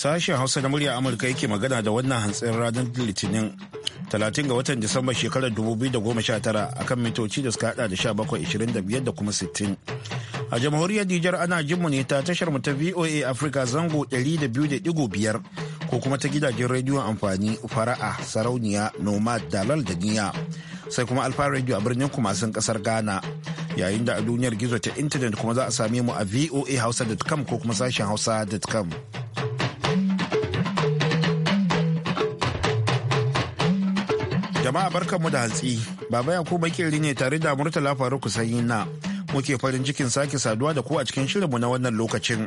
Sashen Hausa na murya Amurka yake magana da wannan hantsin ranar Litinin 30 ga watan Disamba shekarar 2019 akan mitoci da suka hada da 1725 da kuma 60. A jamhuriyar Nijar ana jinmu ne ta tashar ta VOA Africa zango 200.5 ko kuma ta gidajen rediyon amfani fara'a sarauniya nomad dalal da niya sai kuma alfa radio a birnin kumasin kasar ghana yayin da a duniyar gizo ta intanet kuma za a same mu a voa hausa.com ko kuma sashen hausa.com Jama'a barkanmu da hantsi. Baba kuma Bakiri ne tare da Murtala sanyi na Muke farin cikin sake saduwa da ku a cikin shirinmu na wannan lokacin.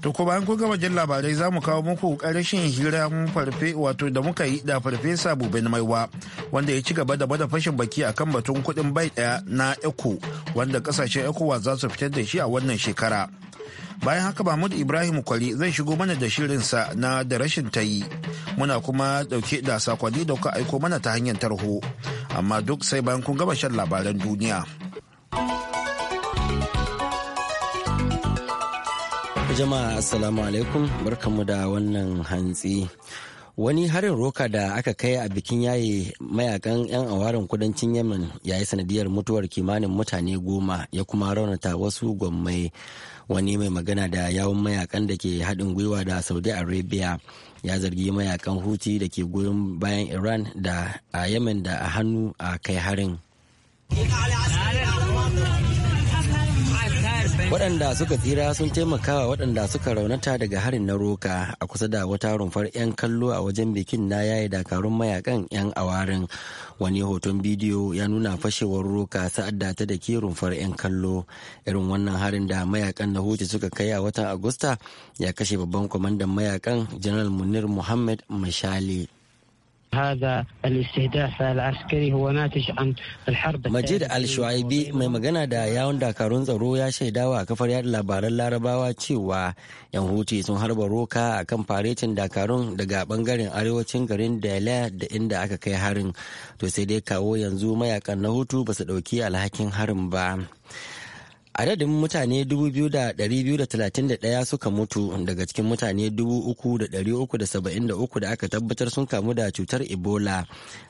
To ko bayan kun gama jin labarai za mu kawo muku karshen hira farfe wato da muka yi da farfesa Bubin Maiwa wanda ya ci gaba da bada fashin baki akan batun kuɗin bai ɗaya na ECO wanda ƙasashen ECOWAS za su fitar da shi a wannan shekara. bayan haka mahmud ibrahim kwali zai shigo mana da shirinsa na da rashin ta yi muna kuma dauke da sakonni da kuka aiko mana ta hanyar tarho amma duk sai bayan kun gaba shan labaran duniya jama'a assalamu alaikum barkamu da wannan hantsi wani harin roka da aka kai a bikin yaye mayakan 'yan awarin kudancin yemen ya yi sanadiyar mutuwar kimanin mutane goma ya kuma raunata wasu gwammai wani mai magana da yawun mayakan da ke haɗin gwiwa da saudi arabia ya zargi mayakan huti da ke goyon bayan iran da a yemen da a hannu a kai harin waɗanda suka tsira sun taimakawa waɗanda suka raunata daga harin na roka a kusa da wata rumfar 'yan kallo a wajen bikin na yayi dakarun mayakan 'yan awarin wani hoton bidiyo ya nuna fashewar roka sa'ad da ta dake rumfar 'yan kallo irin wannan harin da mayakan na huti suka kai a watan agusta ya kashe babban kwamandan mayakan janar munir muhammad mashali هذا الاستهداف العسكري هو mai magana da yawon dakarun tsaro ya shaidawa a kafar yada labaran larabawa cewa yan huti sun harba roka a kan faretin dakarun daga bangaren arewacin garin dala da inda aka kai harin to sai dai kawo yanzu mayakan na hutu ba su dauki alhakin harin ba adadin mutane 2,231 suka mutu daga cikin mutane 3,373 da aka tabbatar sun kamu da cutar ebola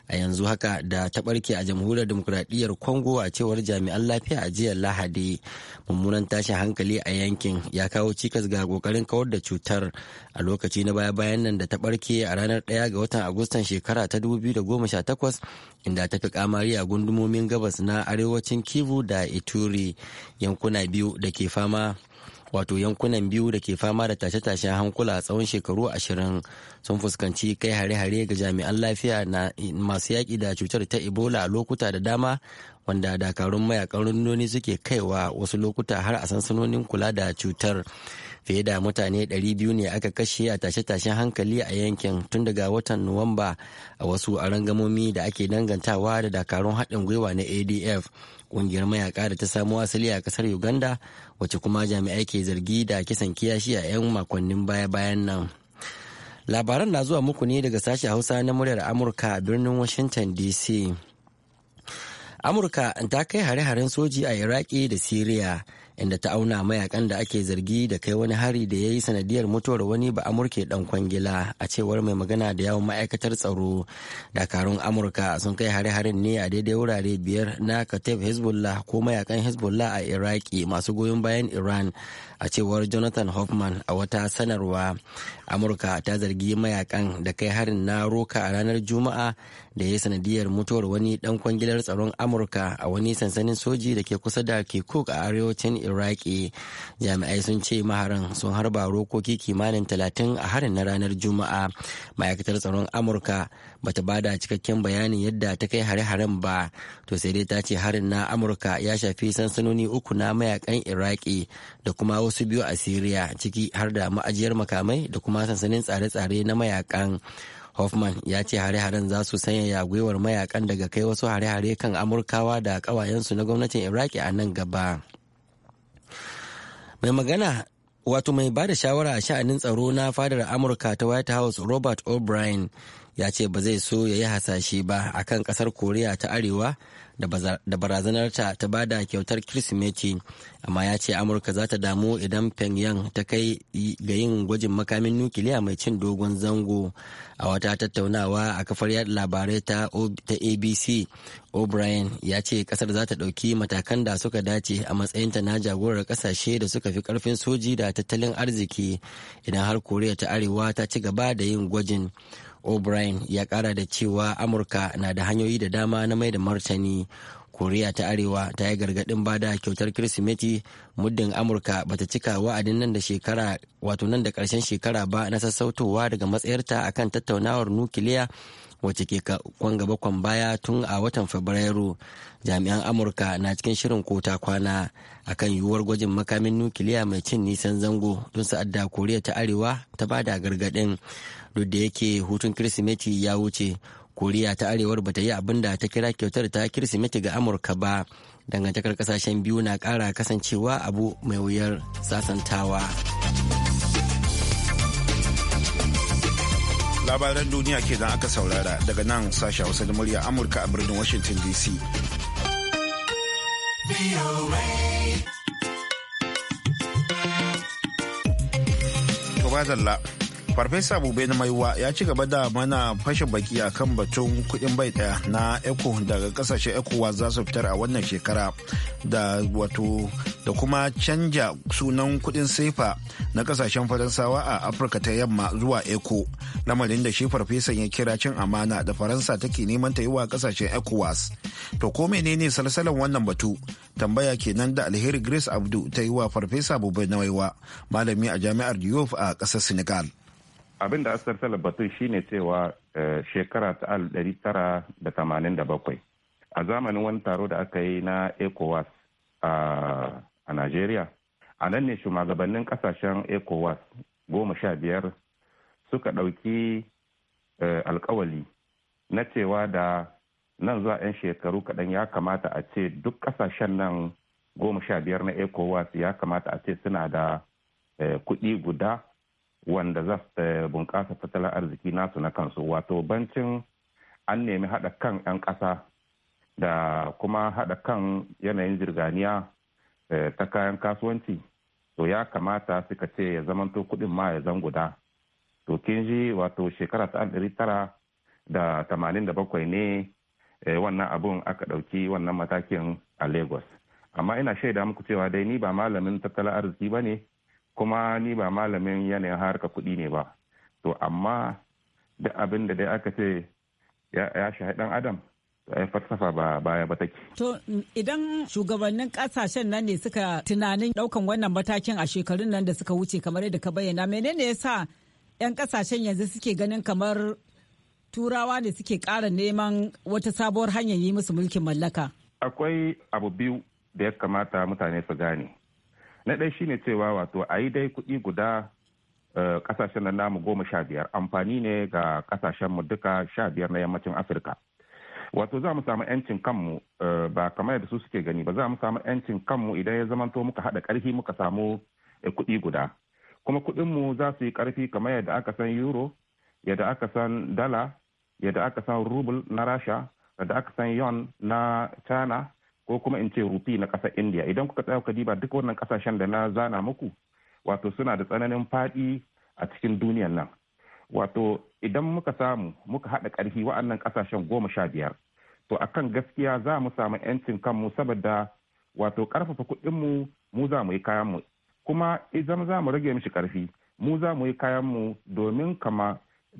a yanzu haka da ta barke a jamhuriyar demokuraɗiyyar Kongo a cewar jami'an lafiya a jiya lahadi mummunan tashin hankali a yankin ya kawo cikas ga kokarin kawar da cutar a lokaci na baya bayan nan da ta barke a ranar 1 ga watan agustan shekara ta 2018 inda ta fi kamari a gundumomin gabas na arewacin kivu da ituri yankuna biyu da ke fama wato yankunan biyu da ke fama da tashe-tashen hankula tsawon shekaru ashirin sun fuskanci kai hare-hare ga jami'an lafiya na masu yaƙi da cutar ta ebola a lokuta da dama wanda dakarun mayakan rundunoni suke kaiwa wasu lokuta har a sansanonin kula da cutar fiye da mutane 200 ne aka kashe a tashe-tashen hankali a yankin tun daga watan nuwamba a wasu arangamomi da ake dangantawa da dakarun haɗin gwiwa na adf ƙungiyar mayaka da ta samo asali a ƙasar uganda wacce kuma jami'ai ke zargi da kisan kiyashi a 'yan makonnin baya-bayan nan labaran na zuwa muku ne daga sashen hausa na muryar amurka a birnin washington dc amurka ta kai hare-haren soji a iraki da siriya inda ta auna mayakan da ake zargi da kai wani hari da ya yi sanadiyar mutuwar wani ba amurke dan kwangila a cewar mai magana da yawon ma'aikatar tsaro dakarun amurka sun kai hare-haren ne a daidai wurare biyar na katef hezbollah ko mayakan hezbollah a iraki masu goyon bayan iran a cewar jonathan hoffman a wata sanarwa amurka ta zargi mayakan da kai harin na roka a ranar juma'a da ya sanadiyar mutuwar wani dan kwangilar tsaron amurka a wani sansanin soji da ke kusa da kirkuk a arewacin iraki jami'ai sun ce maharan sun harba rokoki kimanin talatin a harin na ranar juma'a ma'aikatar tsaron amurka bata bada cikakken bayanin yadda ta kai hare-haren ba to sai dai ta ce harin na amurka ya shafi sansanoni uku na mayakan iraki da kuma wasu biyu a siriya ciki har da ma'ajiyar makamai da kuma sansanin tsare-tsare na mayakan Hoffman ya ce hare-haren za su sanyaya gwiwar mayakan daga kai wasu hare-hare kan Amurkawa da kawayensu na gwamnatin Iraki a nan gaba. Mai magana wato mai ba da shawara a sha'anin tsaro na fadar Amurka ta White House Robert O'Brien ya ce ba zai so ya yi hasashe ba a kan ƙasar koriya ta arewa da barazanarta ta ba da kyautar kirsimeti amma ya ce amurka za ta damu idan pyongyang ta kai ga yin gwajin makamin nukiliya mai cin dogon zango a wata tattaunawa a kafar yada labarai ta abc o'brien ya ce kasar za ta ɗauki matakan da suka dace a matsayinta na jagorar kasashe da suka fi karfin soji da tattalin arziki idan har koriya ta arewa ta ci gaba da yin gwajin o'brien ya kara da cewa amurka na da hanyoyi da dama na mai da martani koriya ta arewa ta yi gargadin bada kyautar kirsimeti muddin amurka bata cika wa'adin nan da shekara wato nan da karshen shekara ba na sassautowa daga matsayarta akan tattaunawar nukiliya wacce ke kwan gaba kwan baya tun a watan fabrairu jami'an amurka na cikin shirin kota kwana akan yiwuwar gwajin makamin nukiliya mai cin nisan zango don sa'adda koriya ta arewa ta bada gargadin duk da yake hutun kirsimeti ya wuce koriya ta arewar bata yi abin da ta kira kyautar ta kirsimeti ga amurka ba dangantakar kasashen biyu na kara kasancewa abu mai wuyar sasantawa labaran duniya ke zan aka saurara daga nan sasha hausa da murya amurka a birnin washington dc zalla. farfesa bube na maiwa ya ci gaba da mana fashin baki a kan batun kudin bai daya na eco daga kasashen ecowa za su fitar a wannan shekara da wato da kuma canja sunan kudin sefa na kasashen faransawa a afirka ta yamma zuwa eco lamarin da shi farfesan ya kira cin amana da faransa take neman ta yi wa kasashen ecowas to ko menene salsalan wannan batu tambaya kenan da alheri grace abdu ta yi wa farfesa bube na maiwa malami a jami'ar Diouf a ƙasar senegal abin da asar batun shine cewa eh, shekara ta bakwai a zamanin wani taro da aka yi na ecowas a nigeria a nan ne shugabannin kasashen ecowas goma sha biyar suka ɗauki eh, alkawali na cewa da nan zuwa 'yan shekaru kaɗan ya kamata a ce duk kasashen nan goma sha biyar na ecowas ya kamata a ce suna da eh, kuɗi guda wanda za su bunƙasa tattalin arziki nasu na kansu wato bancin an nemi haɗa kan 'yan ƙasa da kuma haɗa kan yanayin jirganiya eh, ta kayan kasuwanci to ya kamata suka ce ya zamanto kuɗin ma ya zan guda to kin ji wato shekara ta ɗari tara da tamanin da bakwai ne eh, wannan abun aka ɗauki wannan matakin a lagos amma ina shaida muku cewa dai ni ba malamin tattalin arziki ba ne kuma ni ba malamin yanayin harka kuɗi ne ba to amma duk abin da dai aka ce ya shi dan adam ya falsafa ba baya ba take. To idan shugabannin kasashen nan ne suka tunanin daukan wannan matakin a shekarun nan da suka wuce kamar yadda ka bayyana menene yasa 'yan kasashen yanzu suke ganin kamar turawa ne suke ƙara neman wata sabuwar hanyar yi musu mulkin mallaka? Akwai abu biyu da ya kamata mutane su gane. na ɗaya shine cewa wato a yi dai kuɗi guda eh, ƙasashen na namu goma sha biyar amfani ne ga ƙasashenmu mu duka sha biyar na yammacin afirka wato za mu samu yancin kanmu eh, ba kamar yadda su suke gani ba za mu samu yancin kanmu idan ya zamanto muka haɗa ƙarfi muka samu eh, kuɗi guda kuma kuɗinmu za su yi ƙarfi kamar yadda aka san euro yadda aka san dala yadda aka san rubul na rasha yadda aka san yon na china ko kuma in ce rufi na ƙasar indiya idan kuka tsaya kadiba diba duk wannan ƙasashen da na zana muku wato suna da tsananin faɗi a cikin duniyan nan wato idan muka samu muka haɗa ƙarfi wa'annan ƙasashen goma sha biyar to a kan gaskiya za mu samu 'yancin kanmu saboda wato ƙarfafa kuɗinmu mu za mu yi kayanmu kuma idan za mu rage mishi ƙarfi mu za mu yi kayanmu domin kama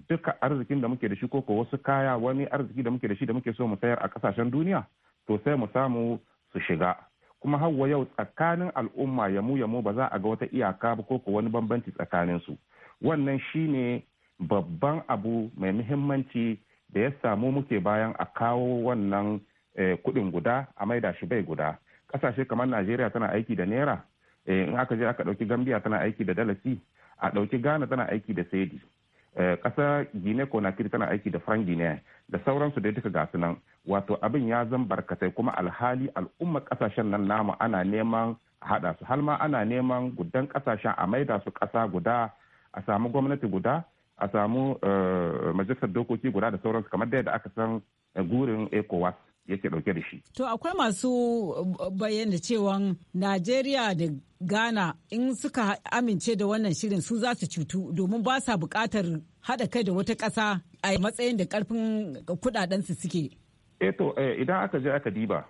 duka arzikin da muke da shi ko wasu kaya wani arziki da muke da shi da muke so mu sayar a ƙasashen duniya sosai mu samu su shiga kuma hawa yau tsakanin al'umma yamu yamu ba za a ga wata iyaka ba ko wani bambanci tsakanin su wannan shine babban abu mai muhimmanci da ya samu muke bayan a kawo wannan eh, kudin guda a maida shi bai guda kasashe kamar najeriya tana aiki da naira eh, in aka je aka dauki gambia tana aiki da dalasi a dauki ghana tana aiki da saidi Eh, ƙasa gine conakry tana aiki da frank gine da sauransu da duka gasu nan wato abin ya zan barkatai kuma alhali al'umma kasashen nan namu ana neman haɗa su halma ana neman gudan kasashen a maida su kasa guda a samu gwamnati guda a samu eh, majalisar dokoki guda da sauransu kamar da aka san eh, gurin ecowas yake dauke da shi. To akwai masu uh, bayyana cewan Najeriya da Ghana in suka amince da wannan shirin su za su cutu domin ba sa bukatar haɗa kai da wata ƙasa a matsayin da ƙarfin kuɗaɗensu suke. E to eh, idan aka je aka diba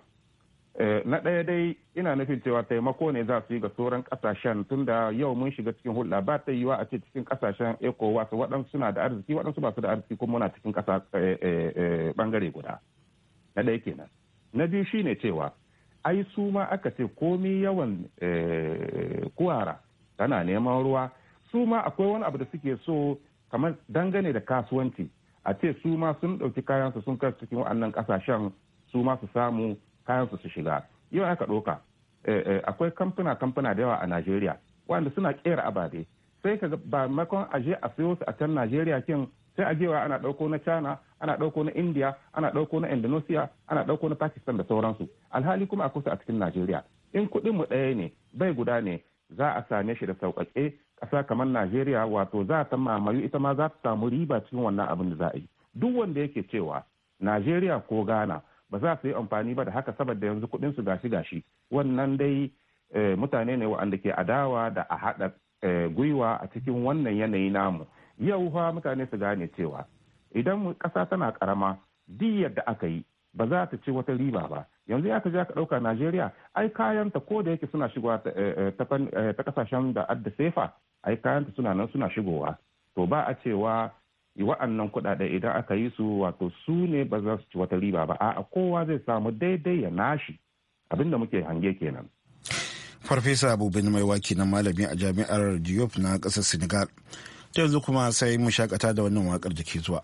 eh, na ɗaya dai ina nufin cewa taimako ne za su yi ga sauran ƙasashen tunda yau mun shiga cikin hulɗa ba ta yiwa a ce cikin ƙasashen ecowas waɗansu suna da arziki waɗansu ba su da arziki kuma muna cikin ƙasa ɓangare guda. na ɗaya kenan na biyu shine cewa ai su ma aka ce komi yawan eh, kuwara tana neman ruwa su ma akwai wani abu da suke so kamar dangane da kasuwanci a ce su ma sun ɗauki kayansu sun kai cikin wannan ƙasashen su ma su samu kayansu su shiga yau aka ɗauka eh, eh, akwai kamfuna kamfuna da yawa a najeriya wanda suna ƙera ababe sai ka ba makon aje a siyo su a can najeriya kin sai a jewa ana ɗauko na china ana ɗauko na india ana ɗauko na indonesia ana ɗauko na pakistan da sauransu alhali kuma a kusa a cikin najeriya in kuɗin mu ɗaya ne bai guda ne za a same shi da sauƙaƙe ƙasa kamar najeriya wato za ta mamayu ita ma za ta samu riba cikin wannan abin da za a yi duk wanda yake cewa najeriya ko ghana ba za su yi amfani ba da haka saboda yanzu kuɗin su gashi gashi wannan dai eh, mutane ne wa'anda ke adawa da a haɗa eh, gwiwa a cikin wannan yanayi namu yau fa mutane su gane cewa idan ƙasa tana karama duk yadda aka yi ba za ta ci wata riba ba yanzu ya ka je ka ɗauka najeriya ai kayanta ko da yake suna shigowa ta kasashen eh, eh, eh, da adda sefa ai kayanta suna nan suna shigowa to ba a cewa wa'annan kuɗaɗe idan aka yi su wato su ne ba za su ci wata riba ba a'a kowa zai samu daidai ya nashi abinda muke hange kenan farfesa abubuwan mai waki na malami a jami'ar diop na ƙasar senegal yanzu kuma sai mu shakata da wannan wakar da ke zuwa.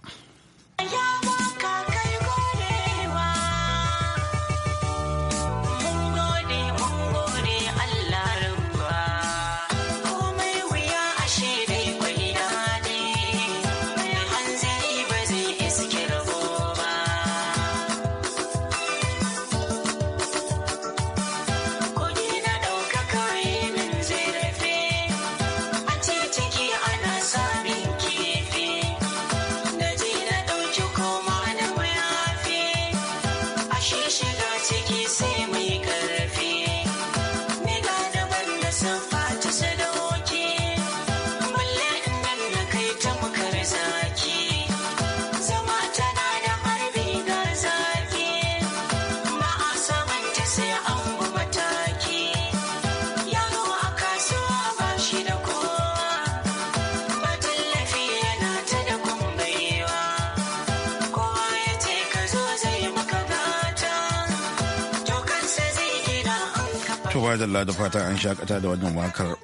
madalla da fatan an shakata da wannan wakar.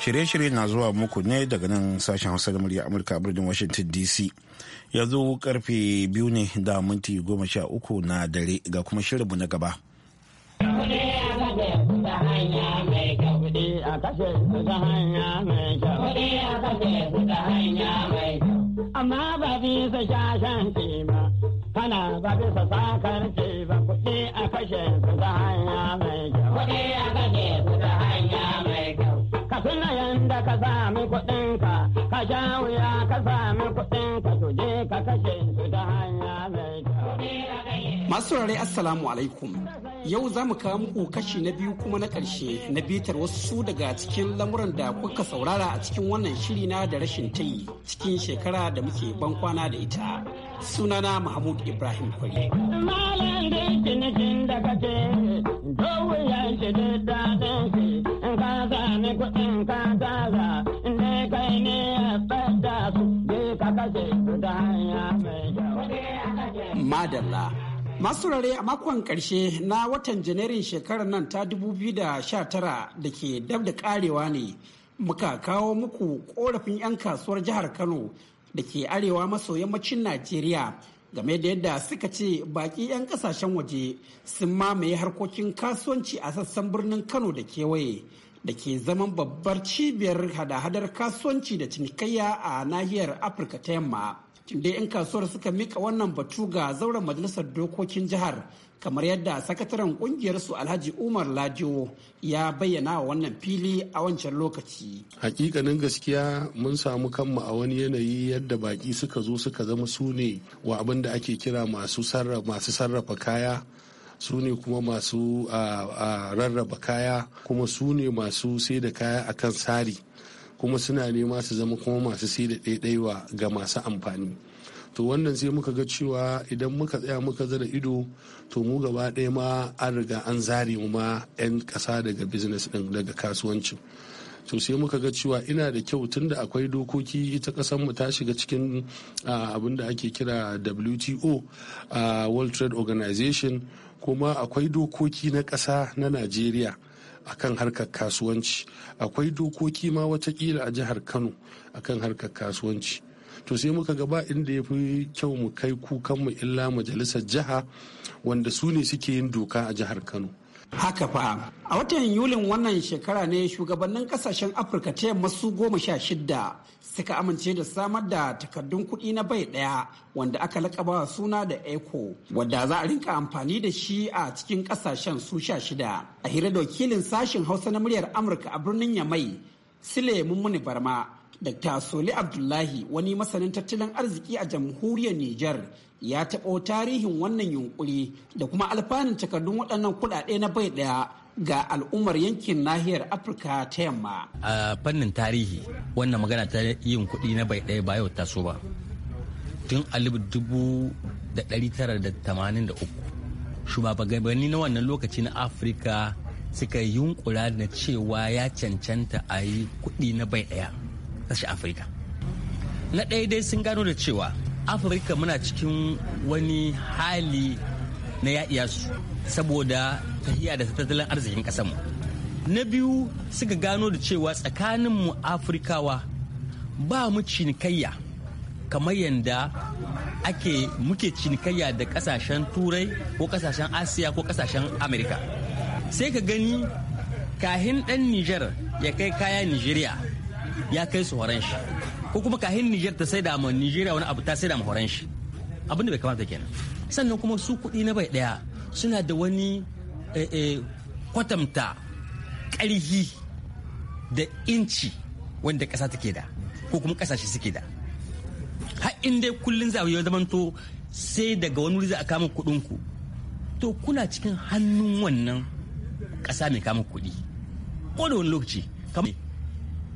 Shirye-shirye na zuwa muku ne daga nan sashen Hausa da murya Amurka birnin Washington DC. Yanzu karfe biyu ne da minti goma sha uku na dare ga kuma shirinmu na gaba. Amma ba bisa shashen ba. kana ba bisa ce ba kuɗi a kashe su ta hanya mai kyau. Kuɗi a kashe su ta hanya mai kyau. Ka tuna yanda ka sami kuɗinka, ka sha wuya ka sami kuɗinka. Masu Assalamu alaikum. Yau za mu kawo muku kashi na biyu kuma na ƙarshe na bitar wasu daga cikin lamuran da kuka saurara a cikin wannan shiri na da rashin tayi cikin shekara da muke ban kwana da ita. Sunana Mahmud Ibrahim Kwari. Madalla. Masu rare a makon karshe na watan Janairun shekarar nan ta 2019 da ke dab da karewa ne muka kawo muku korafin 'yan kasuwar jihar Kano da ke arewa maso yammacin Najeriya game da yadda suka ce baki 'yan kasashen waje sun mamaye harkokin kasuwanci a sassan birnin Kano da kewaye da ke zaman babbar cibiyar hada-hadar kasuwanci da cinikayya a nahiyar Afirka ta yamma. da 'yan kasuwar suka mika wannan batu ga zauren majalisar dokokin jihar kamar yadda sakataren kungiyar su alhaji umar lajo ya bayyana wa wannan fili a wancan lokaci hakikanin gaskiya mun samu kanmu a wani yanayi yadda baki suka zo suka zama su ne wa abin da ake kira masu sarrafa kaya su ne kuma masu rarraba kaya kuma su ne masu sai da kaya akan sari kuma suna nema su zama kuma masu sai da ɗaiɗaiwa ga masu amfani to wannan sai muka ga cewa idan muka tsaya muka zara ido to mu gaba ɗaya ma an riga an zare mu ma 'yan ƙasa daga business ɗin daga kasuwancin to sai muka ga cewa ina da kyau tun da akwai dokoki ita ƙasar mu ta shiga cikin abin da ake kira WTO World Trade Organization kuma akwai dokoki na ƙasa na Najeriya. akan harkar kasuwanci akwai dokoki ma watakila a jihar kano a kan harkar kasuwanci to sai muka gaba inda ya fi kyau mu kai kukan mu illa majalisar jiha wanda su ne suke yin doka a jihar kano haka fa a watan yulin wannan shekara ne shugabannin kasashen afirka ta yamma su goma sha shidda suka amince da samar da takardun kuɗi na bai ɗaya wanda aka lakaba suna da eco Wanda za a rinka amfani da shi a cikin ƙasashen su sha shida a hira da wakilin sashen hausa na muryar amurka a birnin yamai sile mummuni barma dr soli abdullahi wani masanin tattalin arziki a jamhuriyar Nijar ya taɓo tarihin wannan yunkuri da kuma alfanun takardun waɗannan kuɗaɗe na bai ɗaya ga al'ummar yankin nahiyar afirka ta yamma a fannin tarihi wannan magana ta yin kuɗi na bai ɗaya bayo so ba tun alif dubu da dari tara da tamanin da uku shugabanni na wannan lokaci na afirka suka yunkura na cewa ya cancanta a yi kuɗi na bai ɗaya tashi afirka na ɗaya dai sun gano da cewa afirka muna cikin wani hali na yaɗiya su saboda tahiya da tattalin arzikin mu na biyu suka gano da cewa tsakanin mu afirkawa ba mu cinikayya kamar yadda ake muke cinikayya da kasashen turai ko kasashen asiya ko kasashen amerika sai ka gani kahin dan niger ya kai kaya nigeria ya kai su horon shi ko kuma kahin niger ta da ma nigeria wani abu ta da ma horon shi abinda bai kamata kenan sannan kuma su kuɗi na bai ɗaya suna da wani eh, eh, kwatamta ƙarfi da inci wanda ƙasa take da ko kuma ƙasashe suke da har in dai kullum za a yi zamanto sai daga wani wuri za a kama kuɗinku to kuna cikin hannun wannan ƙasa mai kama kuɗi ko da wani lokaci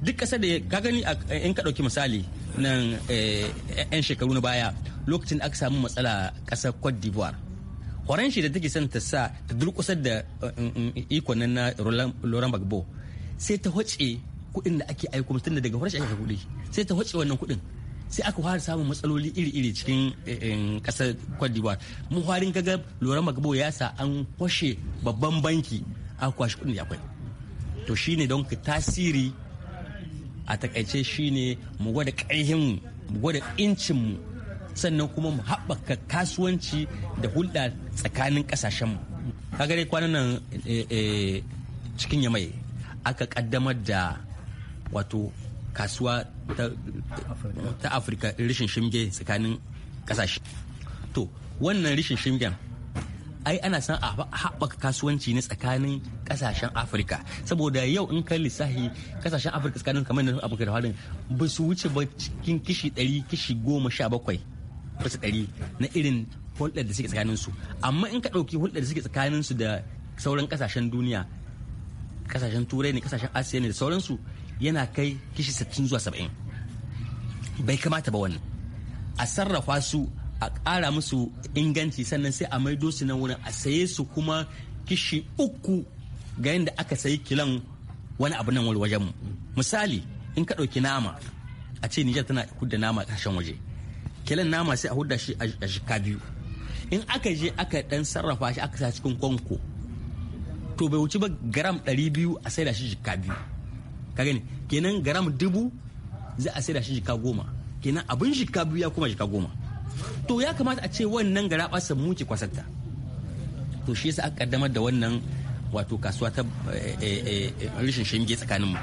duk ƙasa da ka gani in ka ɗauki misali nan 'yan eh, shekaru na baya lokacin da aka samu matsala kasar cote d'ivoire shi da take son ta sa ta durkusar da uh, um, um, ikon na laurent gbagbo sai ta hoce kuɗin da ake aiko mutum da daga horon ake aka kuɗi sai ta hoce wannan kuɗin sai aka fara samun matsaloli iri-iri cikin kasar eh, eh, cote d'ivoire mu harin ga laurent gbagbo ya sa an kwashe babban banki aka kwashe kuɗin da akwai to shine don tasiri a takaice shine mu gwada ƙarhin mu gwada incin mu sannan kuma mu haɓaka kasuwanci da hulɗa tsakanin ƙasashenmu kaga dai kwanan nan eh, eh, cikin yamai aka ƙaddamar da wato kasuwa ta afirka rishin shimge tsakanin ƙasashe to wannan rishin shimgen ai ana san a haɓaka kasuwanci ne tsakanin kasashen afirka saboda yau in kan lissahi kasashen afirka tsakanin kamar da afirka da harin ba su wuce ba cikin kishi ɗari kishi goma sha bakwai bisa ɗari na irin hulɗar da suke tsakaninsu amma in ka ɗauki hulɗar da suke su da sauran ƙasashen duniya ƙasashen turai ne ƙasashen asiya ne da sauransu yana kai kishi 60 zuwa saba'in. bai kamata ba wannan a sarrafa su a ƙara musu inganci sannan sai a maido su nan wurin a saye su kuma kishi uku ga yadda aka sayi kilan wani abu nan wajen mu misali in ka ɗauki nama a ce nijar tana kudda nama a ƙasashen waje kilan nama sai a hudda shi a shika biyu in aka je aka dan sarrafa shi aka sa cikin kwanko to bai wuci ba garam 200 a saida shi shika biyu ka gani kenan garam dubu za a saida shi shika goma kenan abin shika biyu ya kuma shika goma to ya kamata a ce wannan gara basa muke kwasarta to shi yasa aka kaddamar da wannan wato kasuwa ta eh, eh, eh, rishin shinge tsakaninmu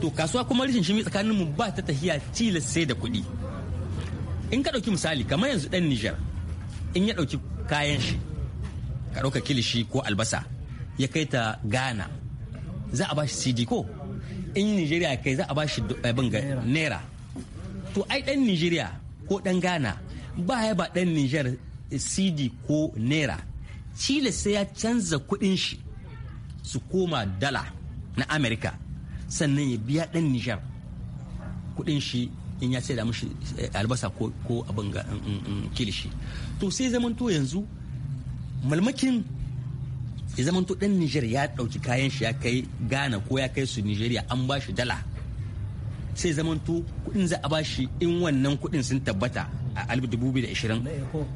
to kasuwa kuma rishin shinge tsakaninmu ba ta tahiya tilas sai da kuɗi in ka ɗauki misali kamar yanzu ɗan Nijar in ya ɗauki kayan shi ka ɗauka kilishi ko albasa ya kai ta Ghana za a bashi CD ko in Nijeriya kai za a bashi abin naira to ai ɗan Nijeriya ko ɗan Ghana ba ya ba ɗan Nijar CD ko naira Chile sai ya canza kuɗin shi su koma dala na Amerika sannan ya biya ɗan Nijar kuɗin shi in ya da mishi eh, albasa ko abin ga kilishi to sai zamanto yanzu malmakin ya zamanto dan Nijar ya dauki kayan shi ya kai Ghana ko ya kai su Nijeriya an ba shi dala sai zamanto kudin za a ba shi in wannan kudin sun tabbata a 2020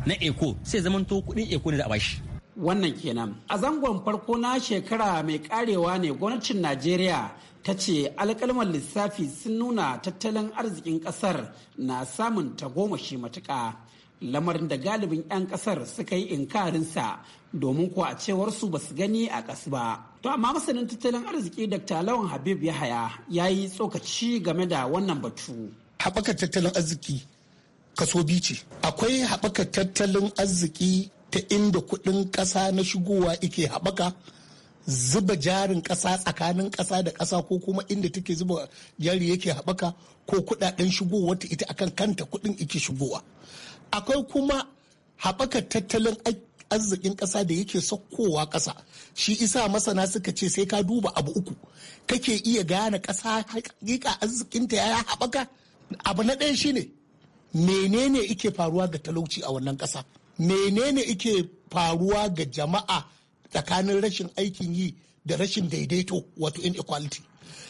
na eko sai zamanto kudin eko ne za a ba shi wannan kenan a zangon farko na shekara mai karewa ne gwamnatin najeriya ta ce alkalmar lissafi sun nuna tattalin arzikin kasar na samun tagomashi matuka lamarin da galibin 'yan kasar suka yi inkarinsa domin kuwa a cewarsu ba su gani a kasu ba to amma masanin tattalin arziki dr lawan habib yahaya ya yi tsokaci game da wannan batu haɓaka tattalin arziki kaso ce akwai haɓaka tattalin arziki ta inda kudin kasa na shigowa ike haɓaka zuba jarin kasa tsakanin kasa da kasa ko kuma inda take zuba jari yake haɓaka ko kuɗaɗen shigowa ta ita akan kanta kudin ike shigowa akwai kuma haɓaka tattalin arzikin kasa da yake sakkowa kasa shi isa masana suka ce sai ka duba abu uku kake iya gane kasa hakika arzikinta ya haɓaka abu na ɗaya shine menene ike faruwa ga talauci a wannan ƙasa menene ike faruwa ga jama'a tsakanin rashin aikin yi da rashin daidaito wato inequality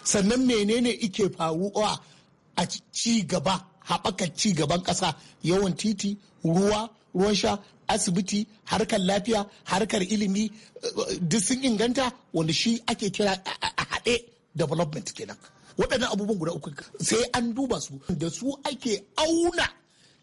sannan menene ike faruwa a ci gaba haɓaka ci gaban ƙasa yawan titi ruwa ruwan sha asibiti harkar lafiya harkar ilimi duk sun inganta wanda shi ake kira a haɗe development kenan waɗannan abubuwan guda uku sai an duba su da su ake auna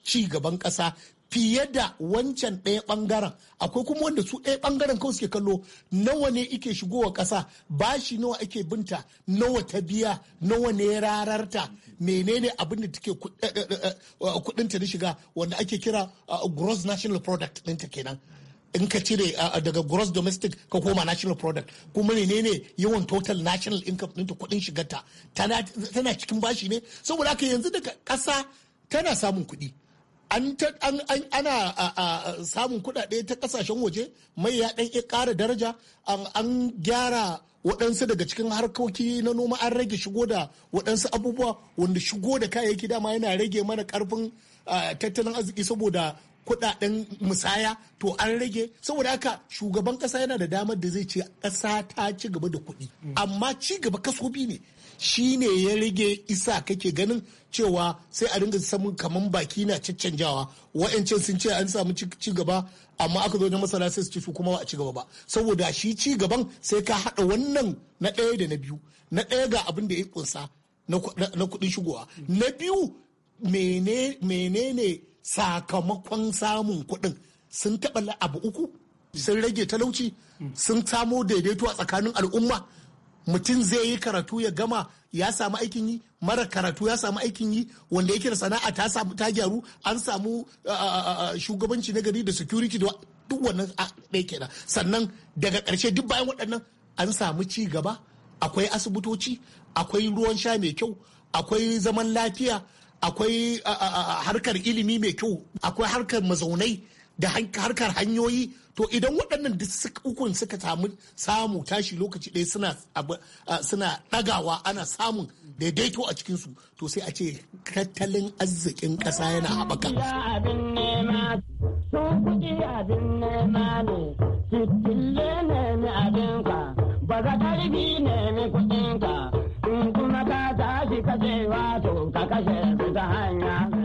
ci gaban ƙasa fiye da wancan ɗaya ɓangaren akwai kuma wanda su ɗaya ɓangaren kawai suke kallo nawa ne ike shigowa ƙasa bashi nawa ake binta nawa ta biya nawa ne rararta menene abin da take eh, eh, eh, kuɗinta na shiga wanda ake kira uh, gross national product ɗinta kenan in ka cire uh, daga gross domestic ka koma national product kuma ne ne yawan total national income ɗinta kuɗin shigarta tana cikin bashi ne saboda haka yanzu daga ƙasa tana samun kuɗi an ana samun kuɗaɗe ta kasashen waje mai ya ɗan ya ƙara daraja an gyara waɗansu daga cikin harkoki na noma an rage shigo da waɗansu abubuwa wanda shigo da kayayyaki dama yana rage mana karfin tattalin arziki saboda kudaden musaya to an rage saboda haka shugaban kasa yana da damar da zai ce ƙasa ta ci gaba da kuɗi amma ci gaba kasobi ne shi ne ya rage isa kake ganin cewa sai a dinga samun kamar baki na caccanjawa wa'ancan sun ce an samu ci gaba amma aka zo na masana sai su ci su kuma a ci gaba ba saboda shi ci gaban sai ka haɗa wannan na ɗaya da na biyu na ɗaya ga abin da ya kunsa na kuɗin shigowa na biyu menene sakamakon samun kuɗin sun taɓa abu uku sun rage talauci mm. sun samo daidaito a tsakanin al'umma mutum zai yi karatu ya gama ya samu aikin yi mara karatu ya samu aikin yi wanda yake da sana'a ta samu ta gyaru an samu shugabanci na gari da security da duk wannan ɗaya kenan sannan daga ƙarshe duk bayan waɗannan an samu ci gaba akwai asibitoci akwai ruwan sha mai kyau akwai zaman lafiya akwai harkar ilimi mai kyau akwai harkar mazaunai da harkar hanyoyi to idan waɗannan duk ukun suka samu samu tashi lokaci ɗaya suna suna ɗagawa ana samun daidaito a su to sai a ce tattalin arzikin ƙasa yana haɓaka. Ba za ta ribi nemi kuɗinka, in kuma ka tashi ka ce wato ka kashe su ta hanya.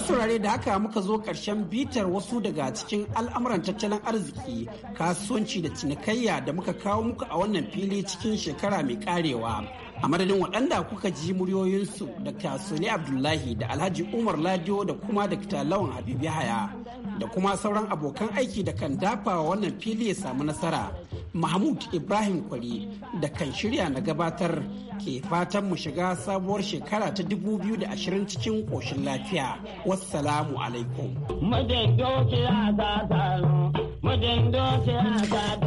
Masu da haka muka zo ƙarshen bitar wasu daga cikin al'amuran tattalin arziki, kasuwanci da cinikayya da muka kawo muku a wannan fili cikin shekara mai karewa. A madadin waɗanda kuka ji muryoyinsu da kasuwani Abdullahi da Alhaji Umar ladio da kuma da Lawan Habibu Haya da kuma sauran abokan aiki da kan dafa wannan fili ya samu nasara. mahmud ibrahim kwari da kan shirya na gabatar ke fatan mu shiga sabuwar shekara ta 2020 cikin koshin lafiya wassalamu alaikum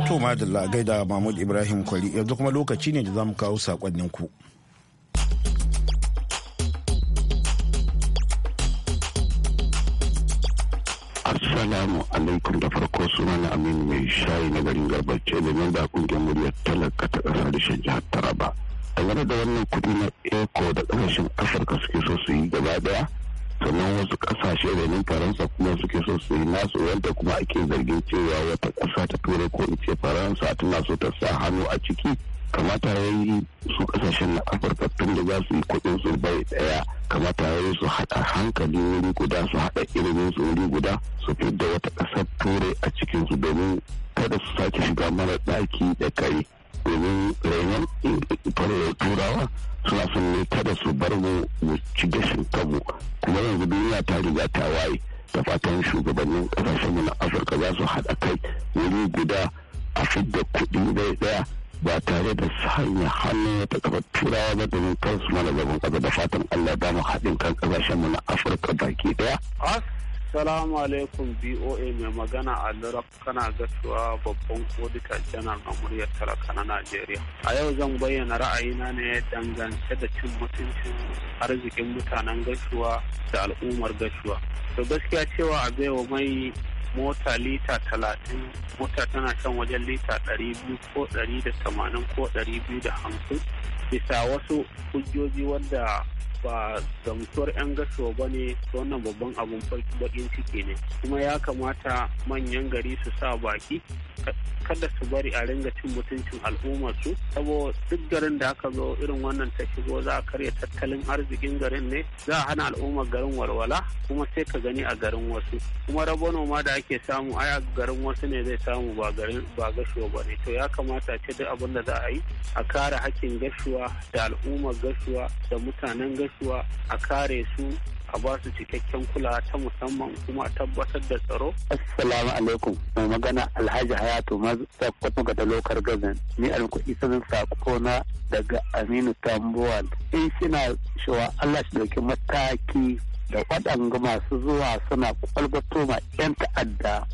to madalla gaida mahmud ibrahim kwari yanzu kuma lokaci ne da za mu kawo saƙonninku. ku Assalamu alaikum da farko suna Aminu mai shayi na garin garbace da nan da kungiyar muryar talaka ta kasar da shan jihar Taraba. Dangane da wannan kuɗi na eko da kasashen Afirka suke so su yi gaba daya sannan wasu ƙasashe da nan Faransa kuma suke so su yi nasu wanda kuma ake zargin cewa wata ƙasa ta turai ko in ce Faransa tana so ta sa hannu a ciki kamata ya yi su kasashen na afirka tun da za su yi kudin su bai daya kamata ya yi su haɗa hankali wuri guda su haɗa ilimin su wuri guda su fidda wata ƙasar turai a cikin su domin kada su sake shiga mara ɗaki da kai domin rainon turawa suna son ne kada su bar mu mu ci gashin kanmu kuma yanzu duniya ta riga ta waye da fatan shugabannin kasashenmu na afirka za su haɗa kai wuri guda a fidda kuɗi bai daya ba tare da sanya hannu ta kafa turawa ba da kan su mana gaban kasa da fatan Allah ba mu haɗin kan kasashen mu na Afirka baki daya. Assalamu alaikum BOA mai magana a Luraf kana gasuwa babban odita janar na muryar talaka na Najeriya. A yau zan bayyana ra'ayina ne dangance da cin mutuncin arzikin mutanen gashuwa da al'ummar gashuwa. To gaskiya cewa a baiwa mai mota lita talatin mota tana kan wajen lita ɗari biyu ko ɗari da tamanin ko ɗari biyu da hamsin bisa wasu hujjoji wanda ba gamsuwar 'yan gasuwa ba ne wannan babban abun bakin ciki ne kuma ya kamata manyan gari su sa baki kada su bari a ringa cin mutuncin al'ummar su saboda duk garin da aka zo irin wannan ta shigo za a karya tattalin arzikin garin ne za a hana al'ummar garin walwala kuma sai ka gani a garin wasu kuma rabo noma da ake samu ai a garin wasu ne zai samu ba garin ba gashuwa ba ne to ya kamata ce duk abin da za a yi a kare hakkin gashuwa da al'ummar gashuwa da mutanen gashuwa gaisuwa a kare su a ba su cikakken kula ta musamman kuma tabbatar da tsaro. Assalamu alaikum mai magana Alhaji Hayatu Mazda Kwatnuka da Lokar Gazan ni an kuɗi sako na daga Aminu Tambuwal. In shina shawa Allah shi dauki mataki da waɗanga masu zuwa suna kwalbato ma 'yan ta'adda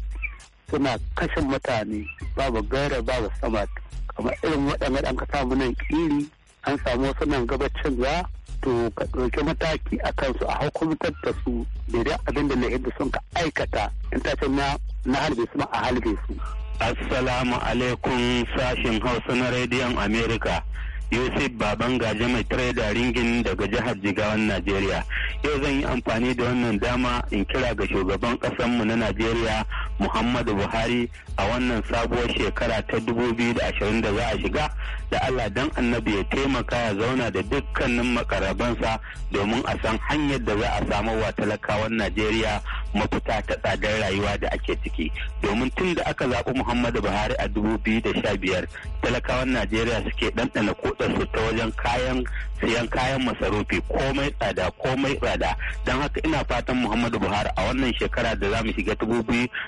suna kashe mutane babu gaira babu samat kamar irin waɗanga ɗan ka samu nan ƙiri an samu wasu nan gabacin za to ka ɗauki mataki a kansu a hukumtar da su daidai abin da lahir da sun ka aikata in ta na na halbe su ma a halbe su. Assalamu alaikum sashin Hausa na rediyon Amerika. yusuf baban gaje mai da ringin daga jihar jigawan najeriya yau zan yi amfani da wannan dama in kira ga shugaban kasanmu na najeriya muhammadu buhari a wannan sabuwar shekara ta 2020 da za a shiga da allah dan annabi ya taimaka ya zauna da dukkanin makarabansa domin a san hanyar da za a samu wa talakawan najeriya mafita ta tsadar rayuwa da ake ciki domin tun da aka zaɓi muhammadu buhari a biyar talakawan najeriya suke ɗanɗana ko su ta wajen kayan siyan kayan masarufi komai tsada komai tsada don haka ina fatan muhammadu buhari a wannan shekara da za mu shiga ta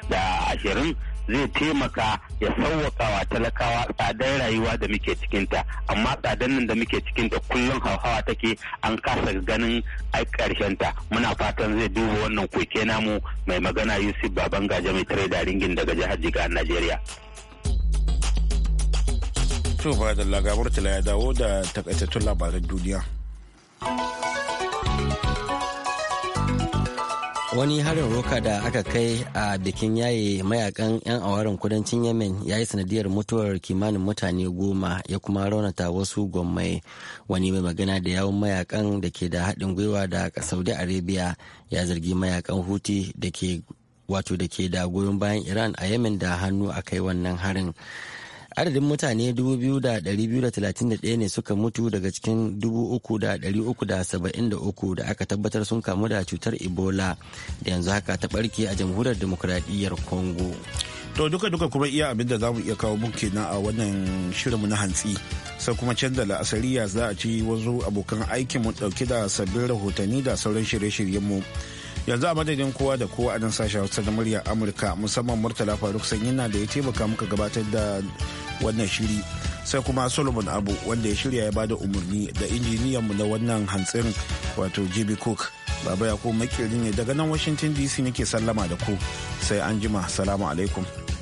da ashirin zai taimaka ya sauwaka wa talakawa tsadar rayuwa da muke cikinta amma tsadar nan da muke cikinta kullum hauhawa take an kasa ganin ai ta muna fatan zai duba wannan koke namu mai magana yusuf baban gaje mai tare da ringin daga jihar jiga najeriya To ba da lagabar tala ya dawo da takaitattun labaran duniya. Wani harin roka da aka kai a bikin yaye mayakan 'yan awarin kudancin Yemen ya yi sanadiyar mutuwar kimanin mutane goma ya kuma raunata wasu gwammai. Wani mai magana da yawon mayakan da ke da haɗin gwiwa da Saudi Arabia ya zargi mayakan Huti da ke wato da ke da goyon bayan Iran a Yemen da hannu a kai wannan harin. adadin mutane 2,231 ne suka mutu daga cikin 3,373 da aka tabbatar sun kamu da cutar ebola da yanzu haka ta barke a jamhuriyar demokuraɗiyyar congo to duka-duka kuma iya abin da za mu iya kawo muke na a wannan shirinmu na hantsi sai kuma canza ya za a ci wasu abokan aikinmu dauke da sabbin rahotanni da sauran shirye-shiryenmu yanzu a madadin kowa da kowa a nan sashen hausa na murya amurka musamman murtala faruk sanyi na da ya taimaka muka gabatar da wannan shiri sai kuma solomon abu wanda ya shirya ya bada umarni da injiniyan mu na wannan hantsin wato jb cook baba ya ko makirin ne daga nan washington dc nake sallama da ku sai an jima salamu alaikum